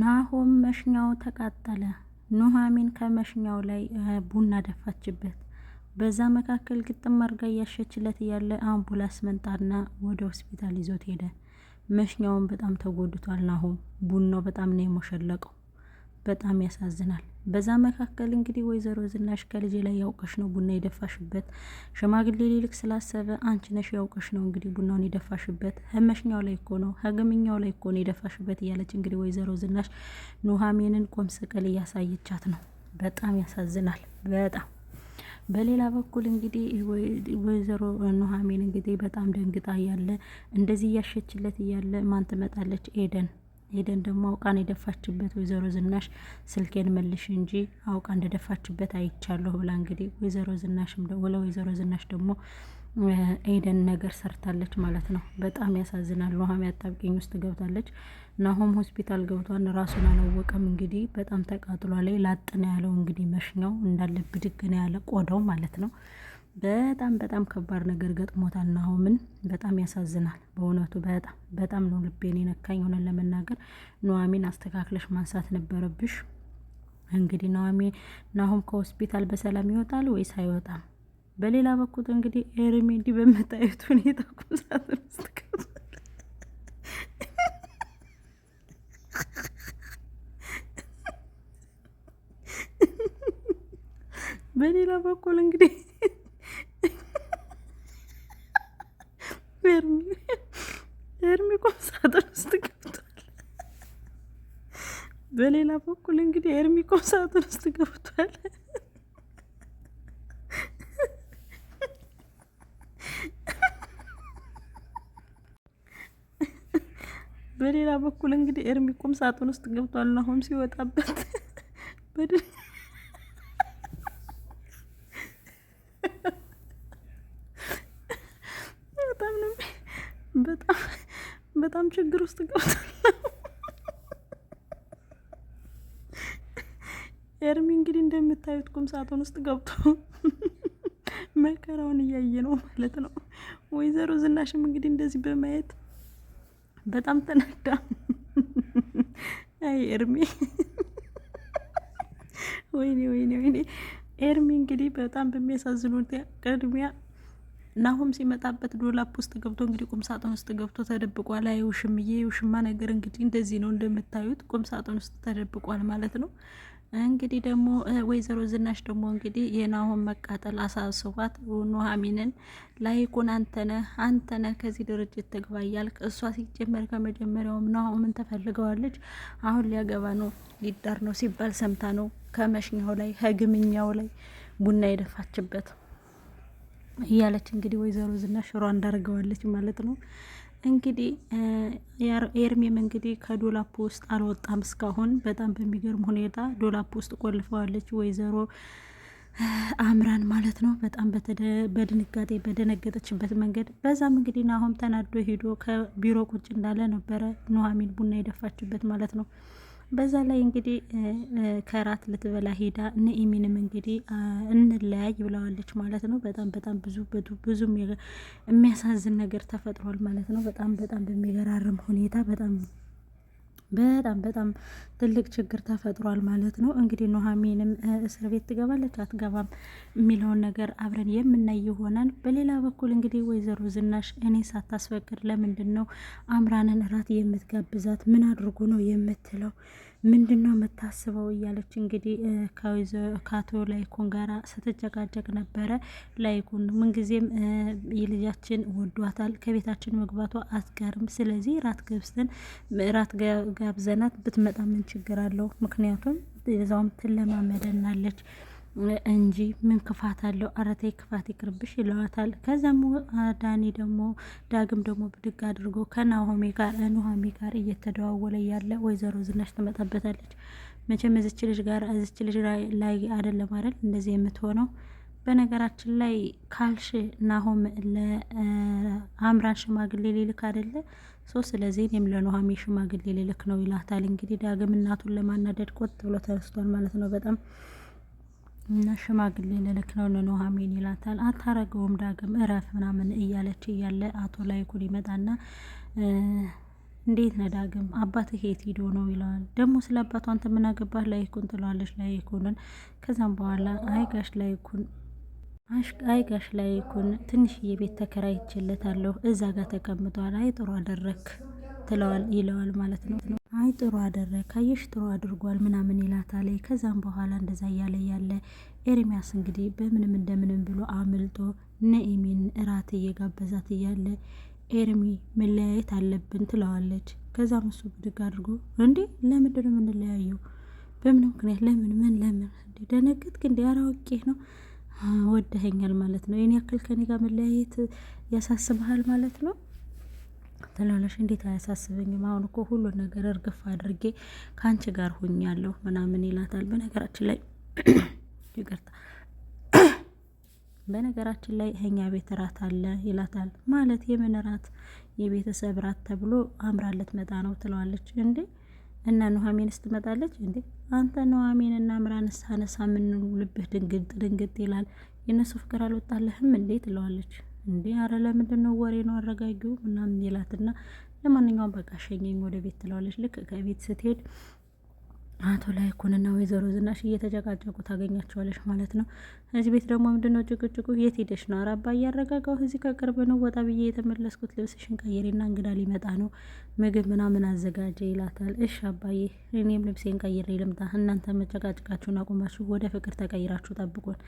ናሆም መሽኛው ተቃጠለ። ኑሐሚን ከመሽኛው ላይ ቡና ደፋችበት። በዛ መካከል ግጥም አርጋ እያሸችለት እያለ አምቡላንስ መጣና ወደ ሆስፒታል ይዞት ሄደ። መሽኛውን በጣም ተጎድቷል። ናሆም ቡናው በጣም ነው የሞሸለቀው። በጣም ያሳዝናል። በዛ መካከል እንግዲህ ወይዘሮ ዝናሽ ከልጄ ላይ ያውቀሽ ነው ቡና የደፋሽበት፣ ሽማግሌ ሊልክ ስላሰበ አንቺ ነሽ ያውቀሽ ነው እንግዲህ ቡናውን የደፋሽበት፣ ህመሽኛው ላይ እኮ ነው ህግምኛው ላይ እኮ ነው የደፋሽበት እያለች እንግዲህ ወይዘሮ ዝናሽ ኑሐሚንን ቆም ሰቀል እያሳየቻት ነው። በጣም ያሳዝናል። በጣም በሌላ በኩል እንግዲህ ወይዘሮ ኑሐሚን እንግዲህ በጣም ደንግጣ እያለ እንደዚህ እያሸችለት እያለ ማን ትመጣለች? ኤደን ሄደን ደግሞ አውቃን የደፋችበት ወይዘሮ ዝናሽ ስልኬን መልሽ እንጂ አውቃ እንደደፋችበት አይቻለሁ ብላ እንግዲህ ወይዘሮ ዝናሽም ወይዘሮ ዝናሽ ደግሞ ኤደን ነገር ሰርታለች ማለት ነው። በጣም ያሳዝናል። ኑሃም አጣብቂኝ ውስጥ ገብታለች። ናሆም ሆስፒታል ገብቷን ራሱን አላወቀም። እንግዲህ በጣም ተቃጥሏ ላይ ላጥ ነው ያለው። እንግዲህ መሽኛው እንዳለ ብድግ ነው ያለ ቆዳው ማለት ነው። በጣም በጣም ከባድ ነገር ገጥሞታል ናሆምን። በጣም ያሳዝናል በእውነቱ በጣም በጣም ነው ልቤን የነካኝ። ሆነን ለመናገር ኑሐሚን አስተካክለሽ ማንሳት ነበረብሽ። እንግዲህ ኑሐሚን ናሆም ከሆስፒታል በሰላም ይወጣል ወይስ አይወጣም? በሌላ በኩል እንግዲህ ኤርሚ እንዲህ በምታዩት ሁኔታ ቁምሳጥን ውስጥ በሌላ በኩል እንግዲህ ኤርሚ ኤርሚ ቁም ሳጥን ውስጥ ገብቷል። በሌላ በኩል እንግዲህ ኤርሚ ቁም ሳጥን ውስጥ ገብቷል። በሌላ በኩል እንግዲህ ኤርሚ ቁም ሳጥን ውስጥ ገብቷል። ናሆም ሲወጣበት በጣም በጣም ችግር ውስጥ ገብቷል። ኤርሚ እንግዲህ እንደምታዩት ቁም ሳጥን ውስጥ ገብቶ መከራውን እያየ ነው ማለት ነው። ወይዘሮ ዝናሽም እንግዲህ እንደዚህ በማየት በጣም ተናዳ፣ አይ ኤርሚ ወይኔ ወይኔ ወይኔ ኤርሚ እንግዲህ በጣም በሚያሳዝኑት ቅድሚያ ናሁም ሲመጣበት ዶላፕ ውስጥ ገብቶ እንግዲህ ቁምሳጥን ውስጥ ገብቶ ተደብቋል። አይ ውሽምዬ፣ ውሽማ ነገር እንግዲህ እንደዚህ ነው እንደምታዩት ቁምሳጥን ውስጥ ተደብቋል ማለት ነው። እንግዲህ ደግሞ ወይዘሮ ዝናሽ ደግሞ እንግዲህ የናሆም መቃጠል አሳስቧት ኑሐሚንን ላይኩን አንተነ አንተነ ከዚህ ድርጅት ትግባ እያልክ እሷ ሲጀመር ከመጀመሪያውም ናሆምን ተፈልገዋለች። አሁን ሊያገባ ነው ሊዳር ነው ሲባል ሰምታ ነው ከመሽኛው ላይ ህግምኛው ላይ ቡና የደፋችበት እያለች እንግዲህ ወይዘሮ ዝናሽ ሽሮ እንዳርገዋለች ማለት ነው። እንግዲህ ኤርሜም እንግዲህ ከዶላፕ ውስጥ አልወጣም እስካሁን። በጣም በሚገርም ሁኔታ ዶላፕ ውስጥ ቆልፈዋለች ወይዘሮ አምራን ማለት ነው። በጣም በድንጋጤ በደነገጠችበት መንገድ በዛም እንግዲህ ናሆም ተናዶ ሄዶ ከቢሮ ቁጭ እንዳለ ነበረ ኑሐሚን ቡና የደፋችበት ማለት ነው። በዛ ላይ እንግዲህ ከራት ልትበላ ሄዳ ነኢሚንም እንግዲህ እንለያይ ብለዋለች ማለት ነው። በጣም በጣም ብዙ ብዙ የሚያሳዝን ነገር ተፈጥሯል ማለት ነው። በጣም በጣም በሚገራርም ሁኔታ በጣም በጣም በጣም ትልቅ ችግር ተፈጥሯል ማለት ነው። እንግዲህ ኑሐሚንም እስር ቤት ትገባለች አትገባም የሚለውን ነገር አብረን የምናይ ይሆናል። በሌላ በኩል እንግዲህ ወይዘሮ ዝናሽ እኔ ሳታስፈቅድ ለምንድን ነው አምራንን እራት የምትጋብዛት? ምን አድርጎ ነው የምትለው ምንድን ነው የምታስበው እያለች እንግዲህ ከአቶ ላይኩን ጋር ስትጨቃጨቅ ነበረ። ላይኩን ምንጊዜም የልጃችን ወዷታል፣ ከቤታችን መግባቷ አትቀርም። ስለዚህ ራት ገብስተን ራት ጋብዘናት ብትመጣ ምን ችግር አለው? ምክንያቱም እዛውም ትለማመደናለች እንጂ ምን ክፋት አለው? አረቴ ክፋት ይቅርብሽ ይለዋታል። ከዛም ዳኒ ደግሞ ዳግም ደግሞ ብድግ አድርጎ ከናሆሜ ጋር ኑሃሜ ጋር እየተደዋወለ ያለ ወይዘሮ ዝናሽ ትመጣበታለች። መቼም እዚች ልጅ ጋር እዚች ልጅ ላይ አይደለም አይደል እንደዚህ የምትሆነው። በነገራችን ላይ ካልሽ ናሆም ለአምራን ሽማግሌ ሊልክ አይደለ ሶ ስለዚህ እኔም ለኑሃሜ ሽማግሌ ሊልክ ነው ይላታል። እንግዲህ ዳግም እናቱን ለማናደድ ቆጥ ብሎ ተነስቷል ማለት ነው በጣም እና ሽማግሌ ልልክ ነው ኑሐሚን ይላታል። አታረገውም ዳግም እረፍ ምናምን እያለች እያለ አቶ ላይኩን ይመጣና እንዴት ነህ ዳግም አባትህ የት ሂዶ ነው ይለዋል። ደግሞ ስለ አባቷ አንተ ምን አገባህ ላይኩን ትለዋለች ላይኩንን። ከዛም በኋላ አይ ላይኩን አይ ላይኩን ትንሽዬ ቤት ተከራይቼለታለሁ እዛ ጋር ተቀምጧል። አይ ጥሩ አደረክ ትለዋል ይለዋል ማለት ነው። አይ ጥሩ አደረግ ካየሽ ጥሩ አድርጓል ምናምን ይላታል። ከዛም በኋላ እንደዛ እያለ ያለ ኤርሚያስ እንግዲህ በምንም እንደምንም ብሎ አምልጦ ነኢሚን እራት እየጋበዛት እያለ ኤርሚ መለያየት አለብን ትለዋለች። ከዛም እሱ ብድግ አድርጎ እንዴ ለምንድን ነው የምንለያየው? በምን ምክንያት? ለምን ምን ለምን? እንዴ ደነገጥክ እንዴ? ኧረ አውቄ ነው ወደኸኛል ማለት ነው። የኔ ያክል ከኔ ጋር መለያየት ያሳስበሃል ማለት ነው። ትላለሽ እንዴት አያሳስበኝም? አሁን እኮ ሁሉን ነገር እርግፍ አድርጌ ከአንቺ ጋር ሆኛለሁ ምናምን ይላታል። በነገራችን ላይ ይቅርታ፣ በነገራችን ላይ እኛ ቤት እራት አለ ይላታል። ማለት የምን እራት? የቤተሰብ እራት ተብሎ አምራለት መጣ ነው ትለዋለች። እንዴ እና ኑሐሚንስ ትመጣለች እንዴ? አንተ ኑሐሚን እና ምራን ሳነሳ ምን ልብህ ድንግጥ ድንግጥ ይላል። የነሱ ፍቅር አልወጣለህም እንዴ? ትለዋለች እንዴ አረ ለምንድን ነው ወሬ ነው አረጋጊው ምናምን ይላትና ለማንኛውም በቃ ሸኘኝ ወደ ቤት ትለዋለች። ልክ ከቤት ስትሄድ አቶ ላይኩንና ወይዘሮ ዝናሽ እየተጨቃጨቁ ታገኛቸዋለች ማለት ነው። እዚህ ቤት ደግሞ ምንድነው ጭቅጭቁ? የት ሄደሽ ነው? አራባ እያረጋጋሁ እዚህ ከቅርብ ነው ወጣ ብዬ የተመለስኩት ልብስሽን ቀይሬና እንግዳ ሊመጣ ነው ምግብ ምናምን አዘጋጀ ይላታል። እሽ አባዬ፣ እኔም ልብሴን ቀይሬ ልምጣ። እናንተ መጨቃጭቃችሁን አቁማችሁ ወደ ፍቅር ተቀይራችሁ ጠብቁን።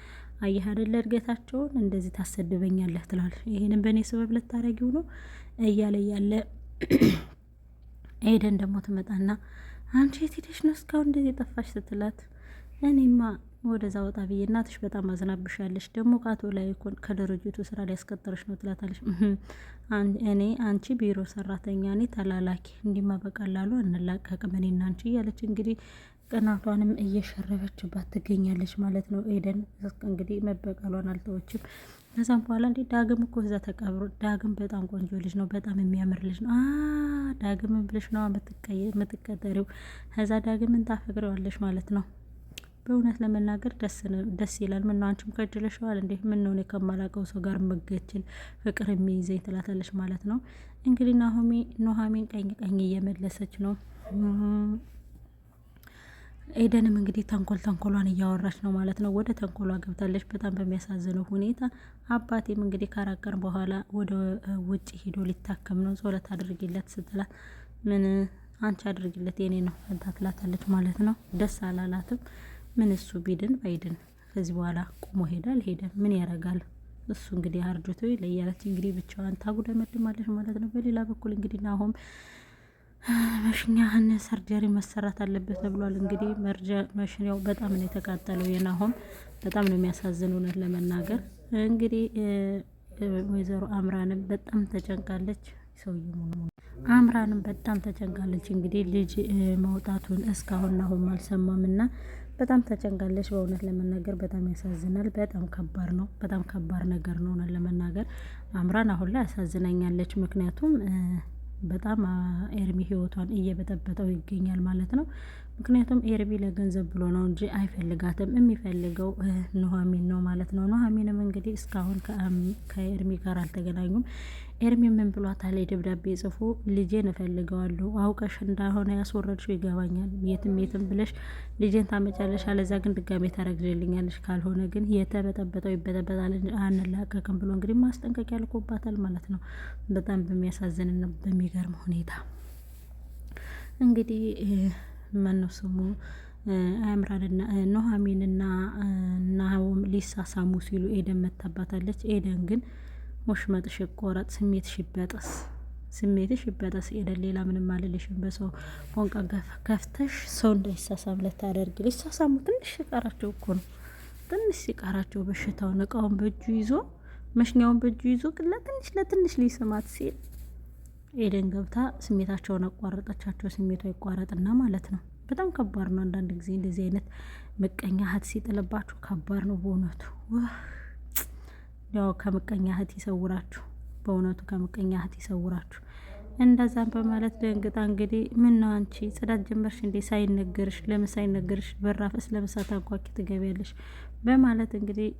አየህ አይደለ እድገታቸውን እንደዚህ ታሰድበኛለህ ትላል። ይህንም በእኔ ስበብ ልታረጊው ነው እያለ እያለ ኤደን ደግሞ ትመጣና አንቺ የት ሄደሽ ነው እስካሁን እንደዚህ ጠፋሽ? ስትላት እኔማ ወደዛ ወጣ ብዬ እናትሽ በጣም አዝናብሻለች፣ ደግሞ ከአቶ ላይ ኮን ከድርጅቱ ስራ ሊያስቀጥርሽ ነው ትላታለች። እኔ አንቺ ቢሮ ሰራተኛ፣ እኔ ተላላኪ፣ እንዲማ በቀላሉ እንላቀቅም እኔና አንቺ እያለች እንግዲህ ቅናቷንም እየሸረበችባት ትገኛለች ማለት ነው። ኤደን እንግዲህ መበቀሏን አልተወችም። ከዛም በኋላ እንዴ ዳግም እኮ እዛ ተቀብሮ፣ ዳግም በጣም ቆንጆ ልጅ ነው፣ በጣም የሚያምር ልጅ ነው። ዳግም ብለሽ ነው የምትቀጠሪው። ከዛ ዳግምን ታፈቅሪዋለሽ ማለት ነው። በእውነት ለመናገር ደስ ይላል። ምነው አንቺም ከጅለሽዋል እንዴ? ምነው እኔ ከማላውቀው ሰው ጋር መገችል ፍቅር የሚይዘኝ ትላታለች ማለት ነው። እንግዲህ ናሆሚ ኑሐሚን ቀኝ ቀኝ እየመለሰች ነው። ኤደንም እንግዲህ ተንኮል ተንኮሏን እያወራች ነው ማለት ነው። ወደ ተንኮሏ ገብታለች በጣም በሚያሳዝነው ሁኔታ። አባቴም እንግዲህ ከአራት ቀን በኋላ ወደ ውጭ ሂዶ ሊታከም ነው፣ ጸሎት አድርጊለት ስትላት ምን አንቺ አድርጊለት የኔ ነው ፈንታ ማለት ነው። ደስ አላላትም። ምን እሱ ቢድን ባይድን ከዚህ በኋላ ቁሞ ሄዳል ሄደ ምን ያረጋል እሱ እንግዲህ አርጆቶ ይለያለች። እንግዲህ ብቻዋን ታጉደመድማለች ማለት ነው። በሌላ በኩል እንግዲህ ናሆም መሽኛህን ሰርጀሪ መሰራት አለበት ተብሏል። እንግዲህ መሽኛው በጣም ነው የተቃጠለው የናሆም በጣም ነው የሚያሳዝን። እውነት ለመናገር እንግዲህ ወይዘሮ አምራንም በጣም ተጨንቃለች። ሰውየ አምራንም በጣም ተጨንቃለች። እንግዲህ ልጅ መውጣቱን እስካሁን ናሆም አልሰማም እና በጣም ተጨንቃለች። በእውነት ለመናገር በጣም ያሳዝናል። በጣም ከባድ ነው። በጣም ከባድ ነገር ነው። እውነት ለመናገር አምራን አሁን ላይ ያሳዝናኛለች። ምክንያቱም በጣም ኤርሚ ህይወቷን እየበጠበጠው ይገኛል ማለት ነው። ምክንያቱም ኤርሚ ለገንዘብ ብሎ ነው እንጂ አይፈልጋትም። የሚፈልገው ኑሐሚን ነው ማለት ነው። ኑሐሚንም እንግዲህ እስካሁን ከኤርሚ ጋር አልተገናኙም። ኤርሜ ምን ላይ ደብዳቤ ጽፎ ልጄን እፈልገዋለሁ አውቀሽ እንዳልሆነ ያስወረድሽው ይገባኛል። የትም የትም ብለሽ ልጄን ታመጫለሽ፣ አለዛ ግን ድጋሜ ታረግዝልኛለሽ። ካልሆነ ግን የተበጠበጠው ይበጠበጣል፣ አንላቀቅም ብሎ እንግዲህ ማስጠንቀቂያ ልኮባታል ማለት ነው። በጣም በሚያሳዝንና በሚገርም ሁኔታ እንግዲህ ማነው ስሙ አምራንና ኑሐሚንና ናሆም ሊሳሳሙ ሲሉ ኤደን መታባታለች። ኤደን ግን ውሽመጥሽ ይቆረጥ፣ ስሜትሽ ይበጠስ፣ ስሜትሽ ይበጠስ። ሄደ ሌላ ምንም አልልሽም። በሰው ቋንቋ ከፍተሽ ሰው እንዳይሳሳም ልታደርግ ሊሳሳሙ ትንሽ ሲቀራቸው እኮ ነው ትንሽ ሲቀራቸው በሽታው እቃውን በእጁ ይዞ መሽኛውን በእጁ ይዞ ለትንሽ ለትንሽ ሊስማት ሲል ኤደን ገብታ ስሜታቸውን አቋረጠቻቸው። ስሜቷ ይቋረጥና ማለት ነው። በጣም ከባድ ነው። አንዳንድ ጊዜ እንደዚህ አይነት ምቀኛ ሀት ሲጥልባችሁ ከባድ ነው በእውነቱ። ያው ከምቀኛ እህት ይሰውራችሁ፣ በእውነቱ ከምቀኛ እህት ይሰውራችሁ። እንደዛም በማለት ደንግጣ እንግዲህ ምን ነው አንቺ ጽዳት ጀመርሽ እንዴ? ሳይነገርሽ ለምን ሳይነገርሽ በራፍስ ለምሳ ታንኳኪ ትገቢያለሽ? በማለት እንግዲህ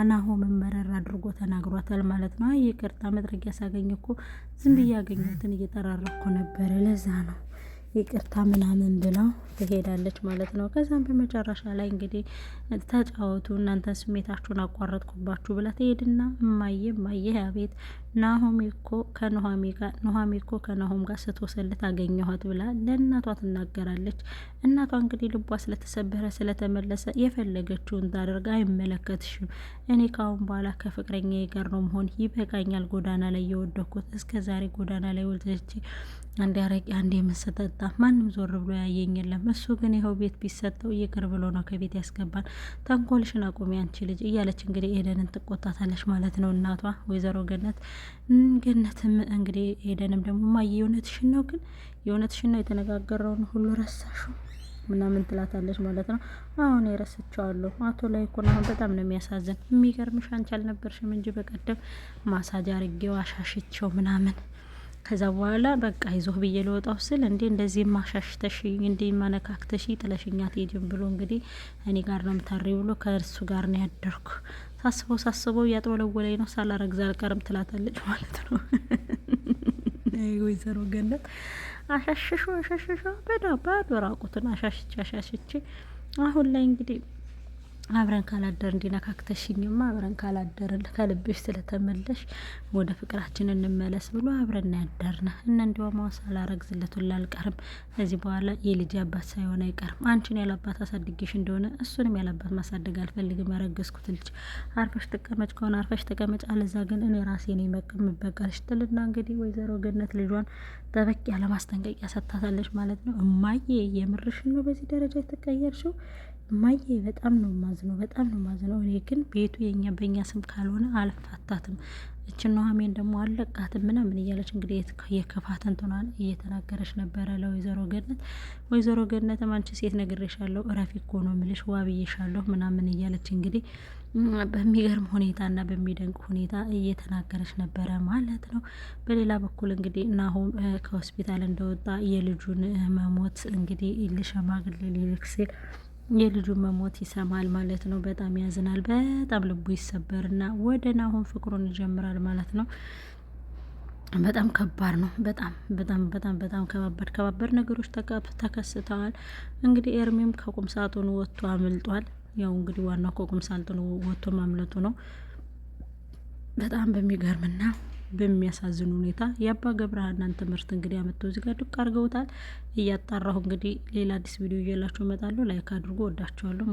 አናሆ መመረር አድርጎ ተናግሯታል ማለት ነው። ይቅርታ መጥረጊያ ሳገኝ እኮ ዝም ብዬ ያገኘሁትን እየጠራረኩ ነበረ፣ ለዛ ነው ይቅርታ ምናምን ብላ ትሄዳለች ማለት ነው። ከዛም በመጨረሻ ላይ እንግዲህ ተጫወቱ እናንተን ስሜታችሁን አቋረጥኩባችሁ ብላ ትሄድና እማዬ እማዬ አቤት ናሆሜ እኮ ከኑሃሜ ጋር ኑሃሜ እኮ ከናሆም ጋር ስትወሰለት አገኘኋት ብላ ለእናቷ ትናገራለች። እናቷ እንግዲህ ልቧ ስለተሰበረ ስለተመለሰ የፈለገችውን ታደርግ፣ አይመለከትሽም። እኔ ካሁን በኋላ ከፍቅረኛ ጋር ነው መሆን ይበቃኛል። ጎዳና ላይ የወደኩት እስከ ዛሬ ጎዳና ላይ ወልተች አንድ አረቂ አንድ የምንሰጠጣ ማንም ዞር ብሎ ያየኝ የለም። እሱ ግን ይኸው ቤት ቢሰጠው ይቅር ብሎ ነው ከቤት ያስገባል። ተንኮልሽን አቁሚ አንቺ ልጅ እያለች እንግዲህ ኤደንን ትቆጣታለች ማለት ነው እናቷ ወይዘሮ ገነት ገነትም እንግዲህ ሄደንም ደግሞ ማየ የእውነትሽን ነው ግን የእውነትሽን ነው የተነጋገረውን ሁሉ ረሳሹ ምናምን ትላታለች ማለት ነው። አሁን የረስቸዋለሁ አቶ ላይ እኮ አሁን በጣም ነው የሚያሳዝን። የሚገርምሽ አንቺ አልነበርሽም እንጂ በቀደም ማሳጅ አርጌው አሻሽቸው ምናምን ከዛ በኋላ በቃ ይዞህ ብዬ ለወጣው ስል እንዴ እንደዚህ ማሻሽተሽ እንዴ ማነካክተሽ ጥለሽኛት ሄድም ብሎ እንግዲህ እኔ ጋር ነው ምታሪ ብሎ ከእርሱ ጋር ነው ያደርኩ ሳስበው ሳስበው እያጥወለወለኝ ነው ሳላረግዝ አልቀርም ትላታለች ማለት ነው። ወይዘሮ ገነት አሻሽሾ አሻሽሾ በዳ ባዶ ራቁትን አሻሽቼ አሻሽቼ አሁን ላይ እንግዲህ አብረን ካላደር እንዲነካክተሽኝማ አብረን ካላደር ከልብሽ ስለተመለሽ ወደ ፍቅራችን እንመለስ ብሎ አብረን ያደርነ እና እንዲያውም አሁን ሳላረግዝለቱን ላልቀርም ከዚህ በኋላ የልጅ አባት ሳይሆን አይቀርም። አንቺን ያለአባት አሳድጌሽ እንደሆነ እሱንም ያለአባት ማሳደግ አልፈልግም። ያረገዝኩት ልጅ አርፈሽ ተቀመጭ ከሆነ አርፈሽ ተቀመጭ፣ አለዛ ግን እኔ ራሴ ነው የምበቀልሽ ትልና እንግዲህ ወይዘሮ ገነት ልጇን ጠበቅ ያለ ማስጠንቀቂያ ሰጥታታለች ማለት ነው። እማዬ የምርሽ ነው በዚህ ደረጃ የተቀየርሽው? እማዬ በጣም ነው ማዝነው፣ በጣም ነው ማዝነው። እኔ ግን ቤቱ የኛ በእኛ ስም ካልሆነ አልፋታትም። እችን ኑሐሚን ደግሞ አለቃትም ምናምን እያለች እንግዲህ የክፋት እንትኗን እየተናገረች ነበረ ለወይዘሮ ገነት። ወይዘሮ ገነትም አንቺ ሴት ነግሬሻለሁ፣ እረፊ እኮ ነው የምልሽ፣ ዋ ብዬሻለሁ ምናምን እያለች እንግዲህ በሚገርም ሁኔታ ሁኔታና በሚደንቅ ሁኔታ እየተናገረች ነበረ ማለት ነው። በሌላ በኩል እንግዲህ ናሆም ከሆስፒታል እንደወጣ የልጁን መሞት እንግዲህ ልሸማግል ሊልክ ሲል የልጁ መሞት ይሰማል ማለት ነው። በጣም ያዝናል። በጣም ልቡ ይሰበርና ወደ ናሆም ፍቅሩን ይጀምራል ማለት ነው። በጣም ከባድ ነው። በጣም በጣም በጣም በጣም ከባባድ ከባባድ ነገሮች ተከስተዋል። እንግዲህ ኤርሚም ከቁም ሳጥኑ ወጥቶ አምልጧል። ያው እንግዲህ ዋናው ከቁም ሳጥኑ ወጥቶ ማምለጡ ነው። በጣም በሚገርምና በሚያሳዝን ሁኔታ የአባ ገብረሃናን ትምህርት እንግዲህ አመጥተው እዚህ ጋር ዱቅ አድርገውታል። እያጣራሁ እንግዲህ ሌላ አዲስ ቪዲዮ እየላችሁ እመጣለሁ። ላይክ አድርጎ ወዳችኋለሁ።